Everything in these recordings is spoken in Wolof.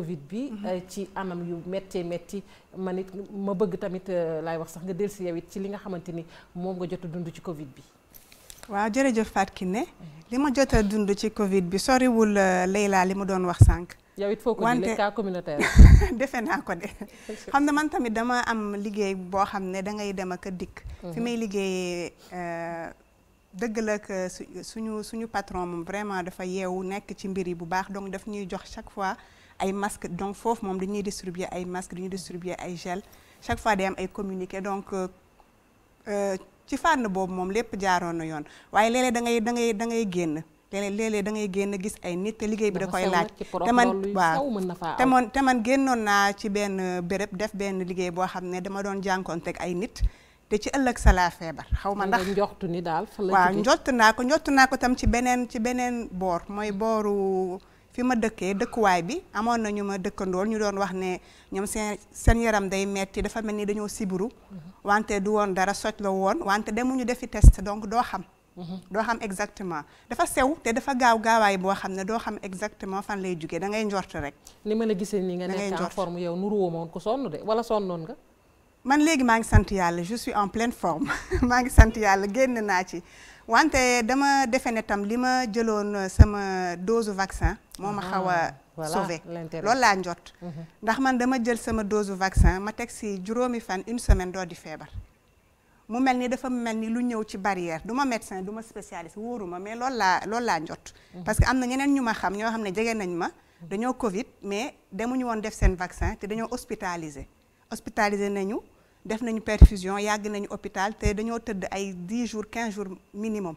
Covid bi mhm. euh, ci anam yu méttee métti man it ma bëgg tamit euh, laay wax sax nga del si yow ci li nga xamante ni moom nga jot dund ci Covid bi waaw jërëjëf Fatou Kiné mhm. li ma jot dund ci Covid bi soriwul euh, Leyla li mu doon wax sànq it foo ko jëlee cas communautaire defe naa ko de xam ne man tamit dama am liggéey boo xam ne dangay ngay dem a dikk mhm. fi may liggéeyee dëgg la que suñu suñu patron moom vraiment dafa yeewu nekk ci mbir yi bu baax donc daf ñuy jox chaque fois ay masques donc foofu moom dañuy distribuer ay masques dañuy distribuer ay gel chaque fois day am ay communiqué donc euh, ci fànn boobu moom lépp jaaroon na yoon waaye léeg-léeg da ngay da ngay da ngay génn léeg-léeg da ngay génn gis ay nit te liggéey bi da koy laaj te man waaw te man te man génnoon naa ci benn béréb def benn liggéey boo xam ne dama doon jànkoonteeg ay nit te ci ëllëg sa laa feebar xaw ma ndax njort ni daal fa la waaw njort naa ko njort naa ko tam ci beneen ci beneen boor mooy booru fi ma dëkkee dëkkuwaay bi amoon na ñu ma dëkkandool ñu doon wax ne ñoom seen seen yaram day metti dafa mel ni dañoo siburu mhm. wante du woon dara soj la woon wante demuñu defi test donc doo xam mhm. doo xam exactement dafa sew te dafa gaaw gaawaay boo xam ne doo xam exactement fan lay jugee da njort rek ni ma la gisee ni nga nekk en forme yow nuruwoo moon ko sonn de wala sonnoon nga man léegi maa ngi sant yàlla je en pleine forme maa ngi sant yàlla génn naa ci wante dama defe ne tam li ma jëloon euh, sama dose vaccin moo ma ah, xaw a sauvé lool laa njot mhm. ndax man dama jël sama dose vaccin ma teg si juróomi fan une semaine doo di feebar mu mel ni dafa mel ni lu ñëw ci barrière du ma médecin du ma spécialiste ma mais lool laa lool laa njot mhm. parce que am na ñeneen ñu ma xam ñoo xam ne jege nañ ma mhm. dañoo covid mais demuñu woon def seen vaccin te dañoo hospitalisé hospitalisé nañu def nañu perfusion yàgg nañu hôpital te dañoo tëdd ay 10 jours 15 jours minimum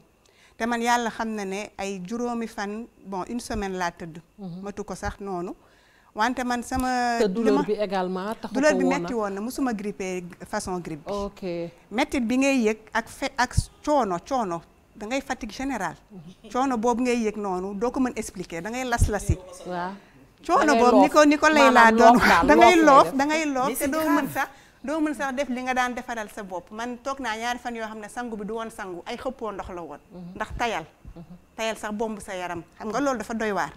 te man yàlla xam na ne ay juróomi fan bon une semaine laa tëdd. Mhm. matu ko sax noonu. wante man sama. te douleur bi également taxu ko woon douleur bi metti woon na musuma grippé façon grippe bi. ok mettit bi ngay yëg ak fe ak coono coono da ngay fatigue général mhm. coono boobu ngay yëg noonu doo ko mën expliquer da ngay las-lasi. waaw coono boobu ni ko ni ko lay laa doon wax da ngay loof dangay ngay loof te doo mën sax doo mën sax def li nga daan defaral sa bopp man toog naa ñaari fan yoo xam ne sangu bi du woon sangu ay xëppoo ndox la woon mhm. ndax tayal mhm. tayal sax bomb sa yaram xam nga mhm. loolu dafa doy waar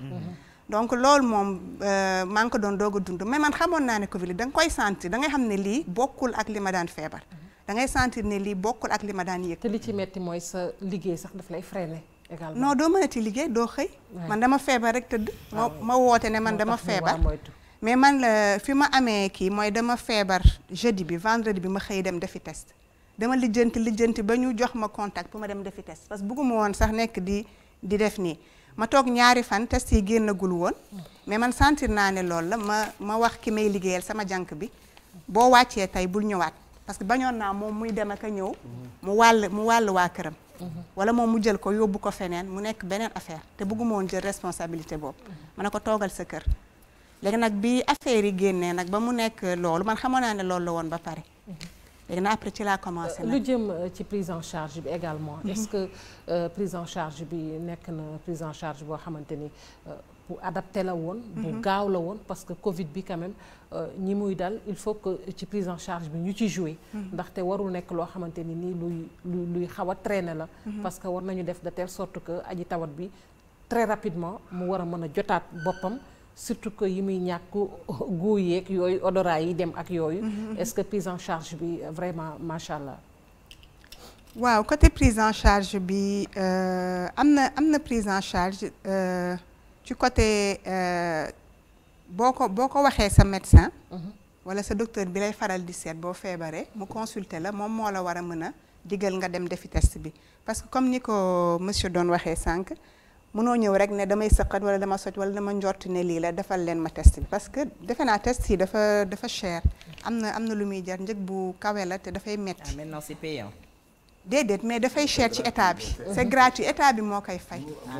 donc loolu moom euh, maa ngi ko doon doog a dund mais man xamoon naa ne Covid da nga koy sentir da ngay xam ne lii bokkul ak li ma daan feebar da ngay sentir ne lii bokkul ak li ma daan yëg te li ci metti mooy sa liggéey sax daf lay freiné non doo mënati liggéey doo xëy man dama feebar rek tëdd ma ah ma woote ne man dama feebar mais man la euh, fi ma amee kii mooy dama feebar jeudi bi vendredi bi ma xëy dem dafi test dama lijjanti lijjanti ba ñu jox ma contact pour ma dem dafi test parce que bëgguma woon sax nekk di di def nii ma toog ñaari fan test yi génnagul woon mais man sentir naa ne loolu la ma ma wax ki may liggéeyal sama jànk bi boo wàccee tey bul ñëwaat parce que bañoon naa moom muy dem ak a ñëw mm-hmm. mu wàll mu wàll waa këram wala moom mu jël ko yóbbu ko feneen mu nekk beneen affaire te bëgguma woon jël responsabilité boobu ma a ko toogal sa kër léegi nag bi affaire yi génnee nag ba mu nekk loolu man xamoon naa ne loolu la woon ba pare léegi na ci laa commencé euh, lu jëm euh, ci prise en charge bi également. Mhm. est-ce que euh, prise en charge bi nekk na prise en charge boo xamante ni bu adapté la woon. bu mhm. gaaw la woon parce que Covid bi quand même ñi muy dal il faut que ci prise en charge bi ñu ci jouer. Mhm. ndaxte warul nekk loo xamante ni nii luy luy xaw a traîner la. parce que war nañu def de telle sorte que aji tawat bi très rapidement mu war a mën a jotaat boppam. surtout que yi muy ñàkku goût yeeg yooyu odorat yi dem ak yooyu. Mm-hmm. est-ce que prise en charge bi euh, vraiment macha allah. waaw côté prise en charge bi euh, am na am na prise en charge euh, ci côté boo ko boo ko waxee sa médecin. Mm-hmm. wala sa docteur bi lay faral di seet boo feebaree mu consulter la moom moo la war a mën a digal nga dem defi test bi parce que comme ni ko monsieur doon waxee sànq. mënoo ñëw rek ne damay sëqat wala dama soj wala dama njorti ne lii la defal leen ma test bi parce que defe naa test yi dafa dafa am na am na lu muy jar njëg bu kawe la te dafay metti ah, maintenant c'est payant déedéet mais dafay cher ci état bi c' gratuit état bi moo koy fay. Ah,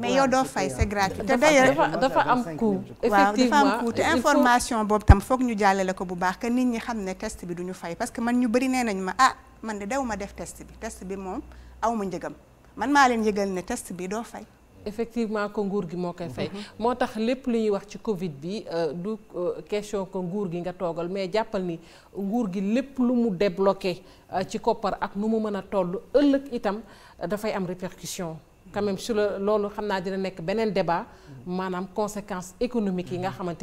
mais yow doo fay c' est gratuit. te d' ailleurs dafa am coût. effectivement waaw dafa am coût te information boobu tam foog ñu jàllale ko bu baax que nit ñi xam ne test bi du ñu fay parce que man ñu bëri nee nañ ma ah man de daw def test bi test bi moom aw ma njëgam. man maa leen yëgal ne test bi doo fay. effectivement ko nguur gi moo koy fay mhm. moo tax lépp lu ñuy wax ci Covid bi euh, du euh, question ko nguur gi nga toogal mais jàppal ni nguur gi lépp lu mu débloqué euh, ci koppar ak nu mu mën a toll ëllëg itam dafay am répercussion quand même sur loolu xam naa dina nekk beneen débat mhm. maanaam conséquence économiques yi nga mhm. xamante